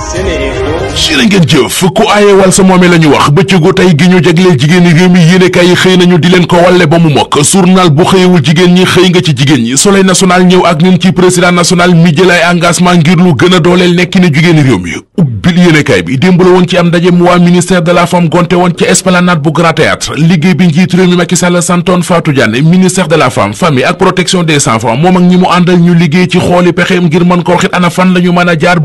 jërë ngeen jëf ku aayewal sa moome la ñu wax bëccëgu tey gi ñu jagleel jigéen ñi réew mi yéenekaay yi xëy nañu di leen ko walle ba mu mokk journal bu xëyewul jigéen ñi xëy nga ci jigéen ñi soleil national ñëw ak ñun ci président national mi jël ay engagement ngir lu gën a dooleel nekki ne jigéen ñi réew mi ubbil yéenekaay bi démb la woon ci am ndaje mu waa ministère de la femme gonte woon ci esplanade bu Grand Théâtre liggéey bi njiit réew mi Macky Sall a jaar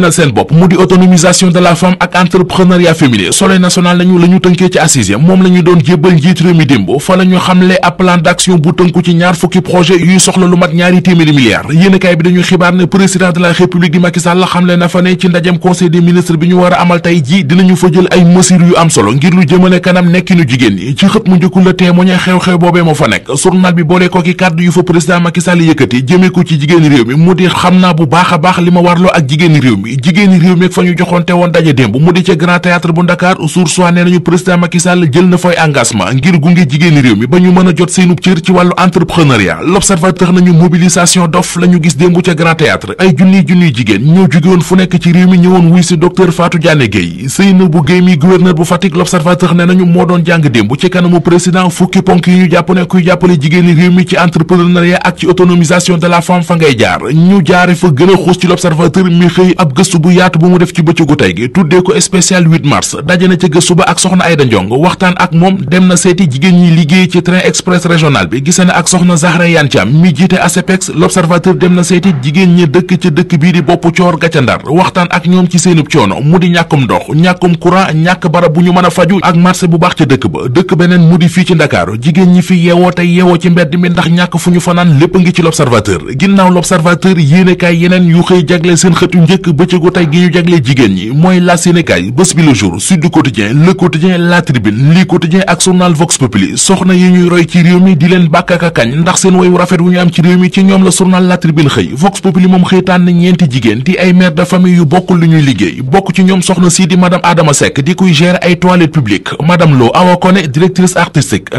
mënal mu di autonomisation de la femme ak entrepreneuriat féminin soleil national nañu la tënkee ci assise moom la doon jébbal njiit réew mi démb fa la xamle ab plan d'action bu tënku ci ñaar fukki projet yuy soxla lu mat ñaari téeméeri milliards yéenekaay bi dañu xibaar ne président de la république di Macky Sall xamle na fa ne ci ndajem conseil des ministres bi ñu war amal tey ji dinañu fa jël ay mesures yu am solo ngir lu jëmale kanam nekkinu jigéen mi jigéeni réew mi ak fa ñu joxonte woon daje démb mu di ca grand théâtre bu Dakar source wa nañu président Macky jël na fay engagement ngir gunge jigéeni réew mi ba ñu mën a jot seenub cër ci wàllu entrepreneuriat l'observateur nañu mobilisation dof la gis démb ca grand théâtre ay junniy junniy jigéen ñoo jóge fu nekk ci réew mi ñëwoon wuy si docteur Fatou Diané Guèye Seynabou Guèye mi gouverneur bu Fatick l'observateur nee nañu moo doon jàng démb gëstu bu yaatu bu mu def ci bëccëgu tey gi tuddee ko spécial 8 mars daje na ca gëstu ba ak soxna Ayda Njong waxtaan ak moom dem na seeti jigéen ñi liggéey ci train express régional bi gise na ak soxna Zahra Iyane Thiam mi jiite ASEPEX l'observateur dem na seeti jigéen ñi dëkk ci dëkk bii di bopp coor ga ca Ndar waxtaan ak ñoom ci seenub coono mu di ñàkkum ndox ñàkkum courant ñàkk barab bu ñu mën a faju ak marché bu baax ca dëkk ba dëkk beneen mu di fii ci Ndakaaru jigéen ñi fi yeewoo tey yeewoo ci mbedd mi ndax ñàkk fu ñu fanaan lépp ngi ci l'observateur ginnaaw l'observateur yéenekaay yeneen yu xëy jagle seen xëtu njëkk bëccëgu tey gi ñu jagle jigéen ñi mooy la Sénégal bés bi le jour Sud Quotidien Le Quotidien La Tribune lii Quotidien ak journal Vox Populi soxna yi ñuy roy ci réew mi di leen bàkk ak kañ ndax seen wayu rafet wu ñu am ci réew mi ci ñoom la journal La xëy Vox Populi moom xëy tànn ñeenti jigéen di ay mère de famille yu bokkul lu ñuy liggéey bokk ci ñoom soxna sii di madame Adama Seck di kuy gérer ay toilettes publiques madame Lo Awa directrice artistique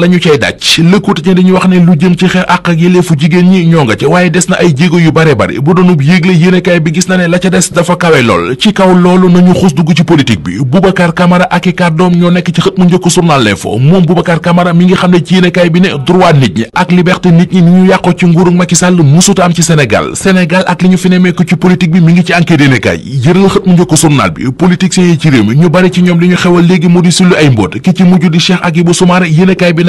lañu ñu cay daj Le Quotidien dañuy wax ne lu jëm ci xeex àq ak yelleefu jigéen ñi ñoo nga ca waaye des na ay jéego yu bare bari bu doonub yéegle yéenekaay bi gis na ne la ca des dafa kawe lool ci kaw loolu nañu xus dugg ci politique bi Boubacar Camara ak i kàddoom ñoo nekk ci xët mu njëkk journal L'Info moom Boubacar Camara mi ngi xam ne ci yéenekaay bi ne droit nit ñi ak liberté nit ñi ni ñu yàqoo ci nguuru Macky Sall musuta am ci Sénégal Sénégal ak li ñu fi nemmeeku ci politique bi mi ngi ci enquête yéenekaay yëral xët mu njëkk journal ñu bari ñoom li ñu xewal léegi mu di sullu ay mbóot ki ci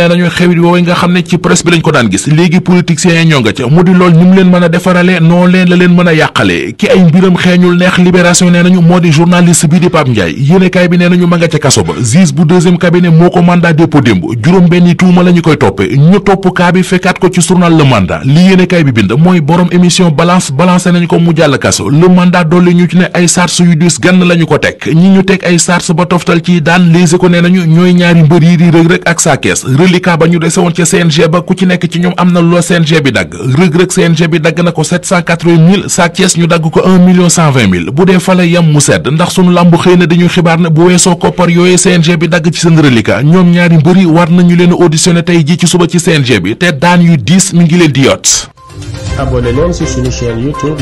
nee nañu xewit woowee nga xam ne ci presse bi lañ ko daan gis léegi politiciens yi ñoo nga ca mu di lool ni mu leen mën a defarale noo leen la leen mën a yàqale ki ay mbiram xeeñul neex libération nee nañu moo di journaliste bi di Pape Ndiaye yéenekaay bi nee nañu ma nga ca kaso ba juge bu deuxième cabinet moo ko mandat dépôt démb juróom benni tuuma la koy toppe ñu topp kaa bi fekkaat ko ci journal Le Mandat li yéenekaay bi bind mooy borom émission reliquat ba ñu dese ca CNG ba ku ci nekk ci ñoom am na loo CNG bi dagg rëg-rëg CNG bi dagg na ko 780 mille Sa Thiès ñu dagg ko 1 million 120 mille bu dee fale yam mu sedd ndax sunu làmbu xëy na dañuy xibaar ne bu weesoo koppar yooyee CNG bi dagg ci seen reliquat ñoom ñaari mbëri war nañu leen auditionné tey ji ci suba ci CNG bi te daan yu diis mi ngi leen di yot abonné leen ci suñu chaîne youtube